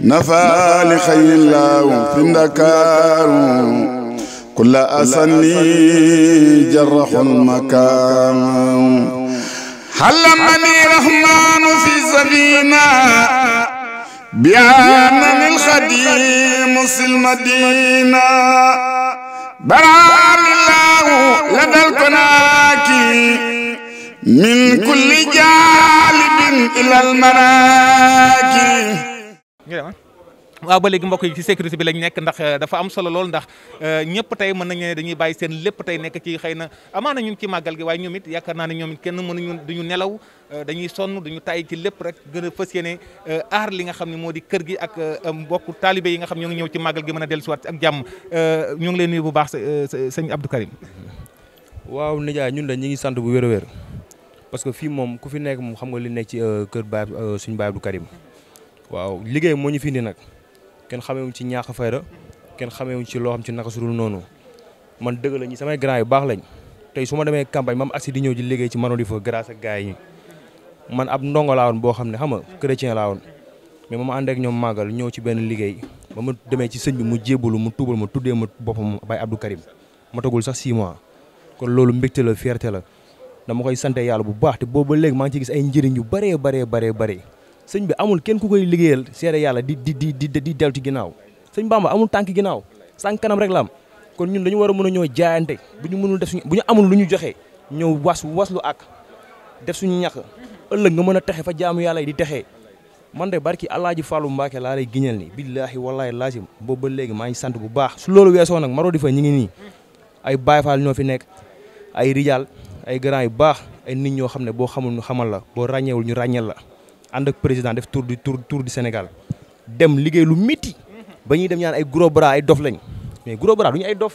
nafaali xayri laahum fi ndakaaru kulla asani jaraxul makaam xalamani rahmaanu fi sabina bianani alxadimu silmadina baraani laahu ladal konaaki min kulli jaalibin ilal maraaki ñu dem waaw ba léegi mbokk yi ci sécurité bi lañ nekk ndax euh, dafa am solo lool ndax euh, ñëpp tey mën nañu ne dañuy bàyyi seen lépp tey nekk ci xëy na amaana ñun ci màggal gi waaye ñoomit yaakaar naa ne ñoom it kenn mënuñu duñu nelaw euh, dañuy sonn duñu tàyyi ci lépp rek gën a fas yéene aar li nga xam ni moo di kër gi ak mbokku taalibe yi nga xam ñoo ngi ñëw ci màggal gi mën a dellusiwaat ak jàmm ñoo ngi leen nii bu baax sëñ Abdou Karim waaw nijaay ñun la ñu ngi sant bu wér a parce que fii moom ku fi nekk moom xam nga li nekk ci kër baay suñu baay Abdou waaw liggéey moo ñu fii indi nag kenn xamewuñ ci ñaax fayda kenn xamewuñ ci loo xam ci naka su noonu man dëgg la ñi samay grand yu baax lañ tey su ma demee campagne ma am accès di ñëw di liggéey ci Marodi fa grâce ak gars yi man ab ndongo laa woon boo xam ne xam nga chrétien laa woon mais ma ma ànd ñoom màggal ñëw ci benn liggéey ba ma demee ci sëñ bi mu jébbalu mu tuubal ma tuddee ma boppam baay Abdou Karim ma tagul sax 6 kon loolu mbégte la la dama koy sante yàlla bu baax te boobu ba léegi maa ngi ci gis ay njëriñ yu bëree bëree bëree bëri sëñ bi amul kenn ku koy liggéeyal seede yàlla di di di di di dellu ci ginnaaw sëñ Bamba amul tànk ginnaaw sànq kanam rek lam kon ñun dañu war a mën a ñëw jaayante bu ñu mënul def suñu bu ñu amul lu ñu joxe ñëw was lu ak def suñu ñax ëllëg nga mën a texe fa jaamu yàlla yi di texe man de barki Alaaji Fàllu Mbàkke laa lay giñal ni billaahi wallaahi laazim boobu ba léegi maa ngi sant bu baax su loolu weesoo nag maroo di fa ñi ngi nii ay Baay Faal ñoo fi nekk ay rijaal ay grand yu baax ay nit ñoo xam ne boo xamul ñu xamal la ràññeewul ñu ràññeel la ànd ak président def tour du tour tour du Sénégal dem liggéey lu métti ba ñuy dem ñaan ay gros bras ay dof lañ mais gros bras du ñu ay dof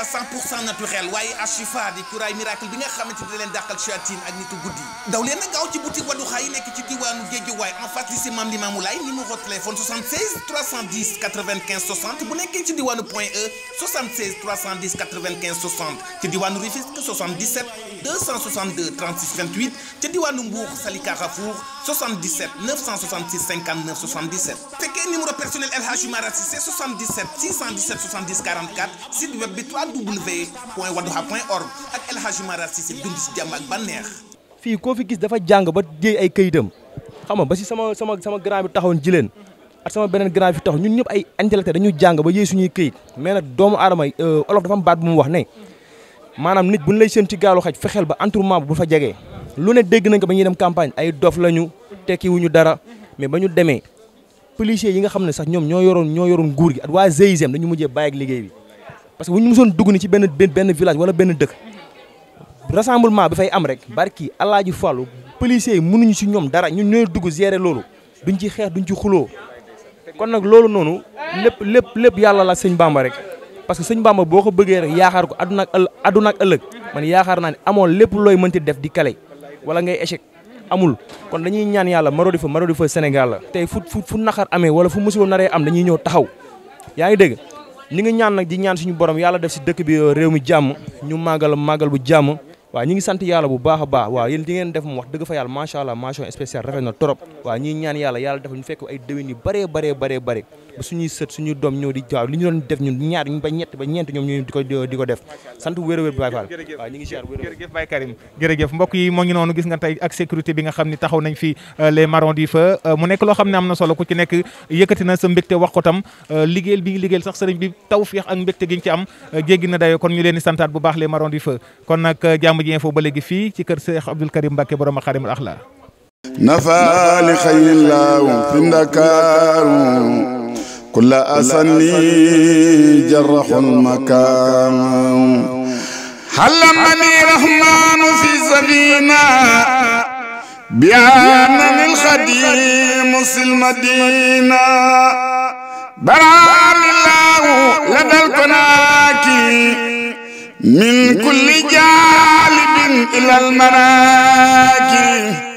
résultat 100% naturel waaye Ashifa di cuuraay miracle bi nga xamante ne leen dàqal shayatin ak nitu guddi daw leen gaaw ci boutique Wadduha yi nekk ci diwaanu Géejawaay en face lycée Mame Limamou Laye numéro téléphone 76 310 bu nekkee ci diwaanu Point E 76 310 95 60 ci diwaanu Rufisque 77 262 36 28 ci diwaanu Mbour Sali Carrefour 77 966 59 77 fekkee numéro personnel El Hadj Mara Cissé 77 web bi www.wadduha.org ak El Hadji Mara Cissé dund fii koo fi gis dafa jàng ba jéey ay këyitam xam nga ba si sama sama sama grand bi taxawoon ji leen ak sama beneen grand bi fi tax ñun ñëpp ay intellectuel dañu jàng ba yéey suñuy këyit mais nag doomu aadama euh, olof dafa mu baat bu mu wax ne maanaam nit bu buñ lay seen ci gaalu xaj fexeel ba entourement bu fa jegee lu ne dégg nañ ko ba ñuy dem campagne ay dof lañu tekkiwuñu dara mais ba ñu demee policiers yi nga xam ne sax ñoom ñoo yoroon ñoo yoroon nguur gi ak waa GIGN dañu mujjee bàyyi bi parce que bu ñu musoon dugg ni ci benn benn village wala benn dëkk rassemblement bi fay am rek barki Alaaji Fàllu policiers yi mënuñu si ñoom dara ñu ñooy dugg gérer loolu duñ ci xeex duñ ci xuloo kon nag loolu noonu lépp lépp lépp yàlla la sëñ Bamba rek parce que sëñ Bamba boo ko bëggee rek yaakaar ko aduna ak ëllëg aduna ak ëllëg man yaakaar naa ne amoon lépp looy mënti def di kale wala ngay échec amul kon dañuy ñaan yàlla marodi fa marodi fa Sénégal la tey fu fu fu naqar amee wala fu musiba naree am dañuy ñëw taxaw yaa ngi dégg ni nga ñaan nag di ñaan suñu borom yàlla def si dëkk bi réew mi jàmm ñu màggal màggal bu jàmm waaw ñi ngi sant yàlla bu baax a baax waaw yéen di ngeen def mu wax dëgg fa yàlla macha allah ñaan yàlla yàlla def ñu fekk ay déwén yu bëree bëree bëree ba suñuy sët suñuy doom ñëw di waaw ñu doon def ñun ñaar ñu ba ñett ba ñeent ñoom ñooy di ko di ko def sant wér a wér Baye Fall waaw ñi ngi mbokk yi moo noonu gis nga ak sécurité bi nga xam ni taxaw nañ fi euh, les marrons du feu euh, mu nekk loo xam ne am na solo ku ci nekk yëkkati na sa mbégte wax ko tam euh, liggéeyal bi liggéeyal sax sëriñ bi tawfiix ak mbégte gi ñu na dayo kon ñu leen di santaat bu baax les marrons du Samba Dieng foofu ba léegi fii ci kër Cheikh Abdoul Karim Mbacke borom a xarimul axla nafaali xayillaahu fi ndakaaru kulla asani jaraxul makaam xalamani rahmaanu fi sabina bianani lxadimu silmadina baraanilaahu ladal konaaki min kulli jaa إلى المناكب